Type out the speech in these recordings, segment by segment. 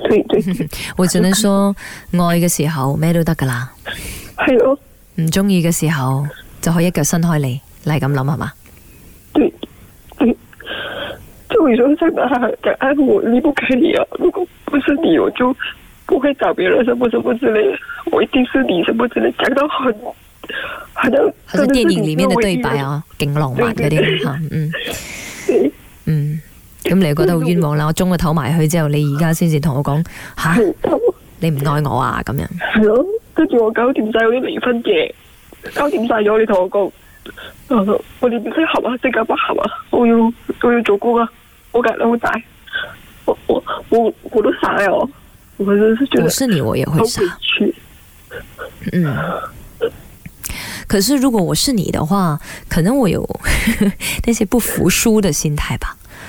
對對對 我想咧說愛嘅時候咩都得噶啦，係咯、哦，唔中意嘅時候就可以一腳伸開你，嚟咁諗係嘛？對對，就如咁真係，感恩我離不開你啊！如果不是你，我就不會找別人，什麼什麼之類，我一定是你，什麼之類，講到很，很像，係電影裏面的對白啊，勁對浪漫嗰啲，嗯對嗯。對嗯咁你又覺得好冤枉啦？我中個頭埋去之後，你而家先至同我講吓，你唔愛我啊？咁樣係咯、啊，跟住我搞掂晒嗰啲離婚嘅。搞掂晒咗，你同我講、啊，我哋唔適合啊，性格不合啊，我要我要做工啊，我壓力好大，我我我我都傻哦，我我真係覺得好委屈。嗯，可是如果我是你的話，可能我有 那些不服輸的心態吧。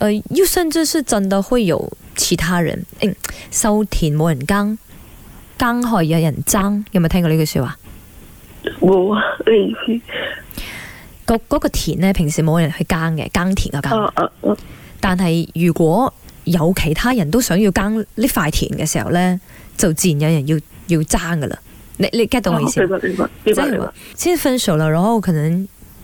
誒，又、呃、甚至是真的會有其他人，欸、收田冇人耕，耕害有人爭，有冇聽過呢句說話？冇嗰個，嗰個田呢，平時冇人去耕嘅，耕田嘅耕。啊啊，啊，但係如果有其他人都想要耕呢塊田嘅時候呢，就自然有人要要爭噶啦。你你 get 到我意思？啊、即係話，先分手啦，然後可能。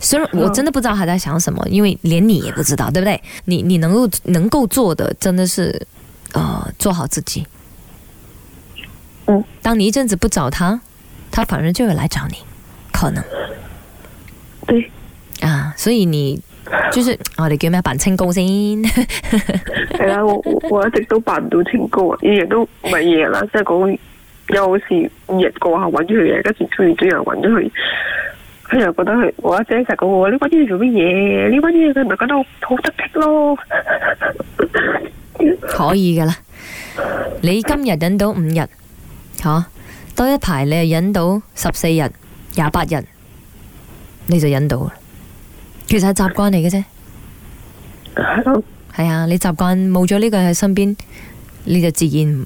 雖然我真的不知道他在想什麼，因為連你也不知道，對不對？你你能夠能夠做的，真的是，呃，做好自己。嗯，當你一陣子不找他，他反而就會來找你，可能。對。啊，所以你就是，我哋呀、啊、叫咩辦清工先？係 啊，我我一直都辦唔到清工啊，一日都唔係啦，即係講有時，二日過下揾咗佢嘅，跟住中完中又揾咗佢。佢又覺得佢我阿姐食過我，你搵嘢做乜嘢？呢啲嘢佢咪覺得我好得戚咯。可以噶啦，你今日忍到五日，吓、啊、多一排你又忍到十四日、廿八日，你就忍到啦。其實係習慣嚟嘅啫。係啊， 你習慣冇咗呢個人喺身邊，你就自然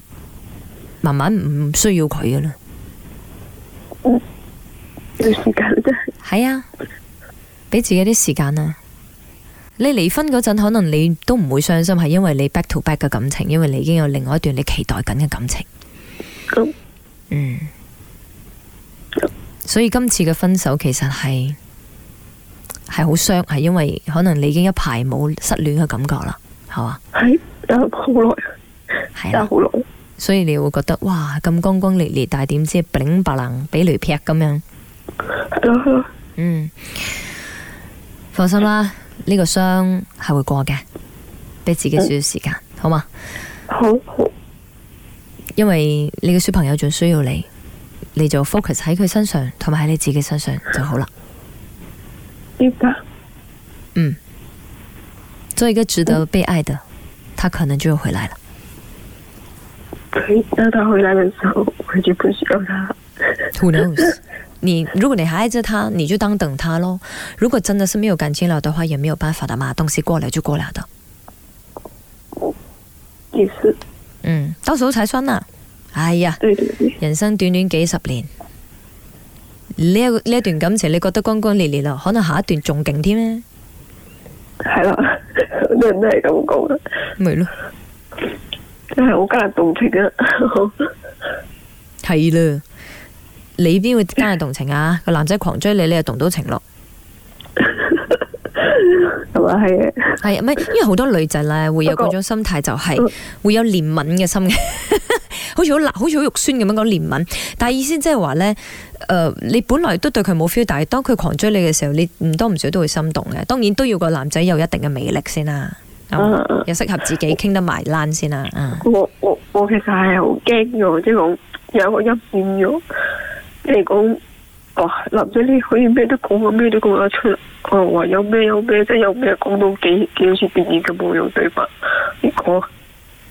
慢慢唔需要佢噶啦。嗯段時間係啊，俾自己啲時間啊。你離婚嗰陣，可能你都唔會傷心，係因為你 back to back 嘅感情，因為你已經有另外一段你期待緊嘅感情。咁嗯，所以今次嘅分手其實係係好傷，係因為可能你已經一排冇失戀嘅感覺啦，係嘛？係啊，好耐係啊，好耐。所以你會覺得哇咁轟轟烈烈，但係點知平白無端俾雷劈咁樣。嗯，放心啦，呢、這個傷係會過嘅，俾自己少少時間，嗯、好嘛嗎？好，因為你嘅小朋友仲需要你，你就 focus 喺佢身上，同埋喺你自己身上就好啦。點啊？嗯，做一個值得被愛的，嗯、他可能就回來了。當他回來嘅時候，我就不需要他。Who knows? 你如果你還愛着他，你就當等他咯。如果真的是沒有感情了的話，也沒有辦法的嘛，東西過了就過了的。思嗯，到時候才算啊？係，哎呀對對對。人生短短幾十年，呢個呢一段感情你覺得轟轟烈烈啊？可能下一段仲勁添？係啦，啲人都係咁講啊。咪咯，真係好加日動情啊。係 啦。你邊會加係動情啊？個 男仔狂追你，你又動到情咯？係咪啊？係 咪？因為好多女仔咧會有嗰不過 種心態，就係會有憐憫嘅心嘅， 好似好嗱，好似好肉酸咁樣講憐憫。但係意思即係話咧，誒、呃，你本來都對佢冇 feel，但係當佢狂追你嘅時候，你唔多唔少都會心動嘅。當然都要個男仔有一定嘅魅力先啦、啊，又、嗯、適、啊、合自己傾我得埋欄先啦、啊嗯。我我我其實係好驚嘅，即係講有一個一面咗。嚟講，哦，男仔呢可以咩都講啊，咩都講得出，哦，話有咩有咩，即係有咩講到幾幾好似電影嘅冇用對白你講，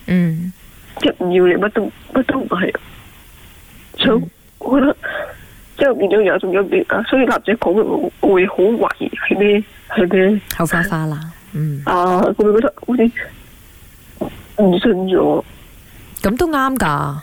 嗯，即係唔要你乜都乜都唔係，嗯，所以我覺得即係變咗又仲有變啊，所以男仔講會好懷疑係咩係咩？好花啦，嗯，啊，會唔會覺得好似唔信咗？咁都啱噶。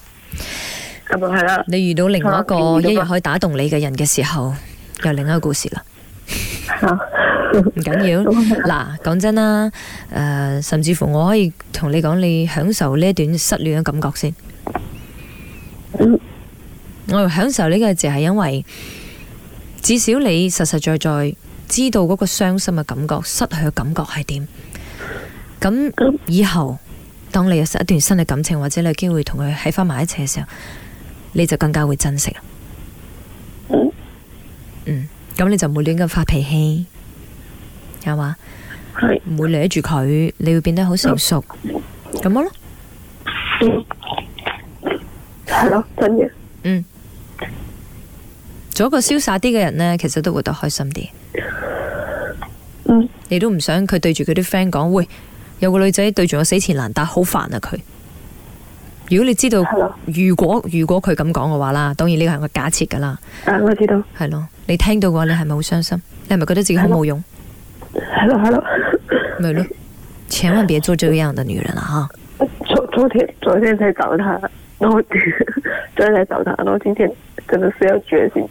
你遇到另外一個一樣可以打動你嘅人嘅時候，又另一個故事啦。唔緊要嗱。講真啦，誒、呃，甚至乎我可以同你講，你享受呢一段失戀嘅感覺先。嗯、我享受呢個就係因為，至少你實實在在知道嗰個傷心嘅感覺、失去嘅感覺係點。咁以後，當你有失一段新嘅感情，或者你有機會同佢喺返埋一齊嘅時候。你就更加會珍惜啊！嗯，嗯，咁你就唔會亂咁發脾氣，係嘛？係唔會理住佢，你會變得好成熟。咁樣咧，嗯，係咯，真嘅。嗯，做一個瀟灑啲嘅人呢，其實都活得開心啲。嗯，你都唔想佢對住佢啲 friend 講，喂，有個女仔對住我死纏爛打，好煩啊佢。如果你知道，Hello. 如果如果佢咁講嘅話啦，當然呢個係我假設噶啦。Uh, 我知道。係咯，你聽到嘅話，你係咪好傷心？你係咪覺得自己好冇用？Hello，Hello。美女，千萬別做這樣嘅女人啦！吓？昨昨天昨天才找他，然後再來找他，然後今天真的是要覺醒，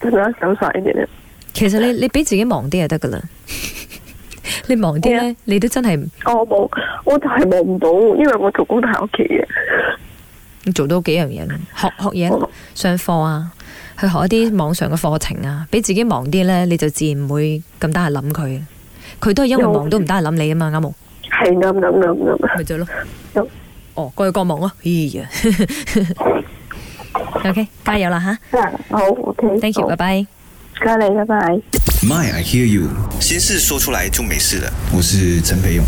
真的要瀟灑一點點。其實你你俾自己忙啲就得噶啦。你忙啲咧，yeah. 你都真係……我忙、oh,，我就係忙唔到，因為我做工都喺屋企嘅。你做到幾樣嘢？學學嘢、oh. 上課啊，去學一啲網上嘅課程啊，俾自己忙啲咧，你就自然唔會咁得閒諗佢。佢都係因為忙都唔得閒諗你啊嘛，啱夢、yeah. 啊。係，諗諗諗諗。咪、嗯、就咯。No. 哦，各有各忙咯。哎呀，OK，加油啦吓。Yeah. 好 OK，thank、okay. you，拜拜、okay.。Bye. 好啦，拜拜。My, I hear you。心事說出來就沒事了。我是陳培勇。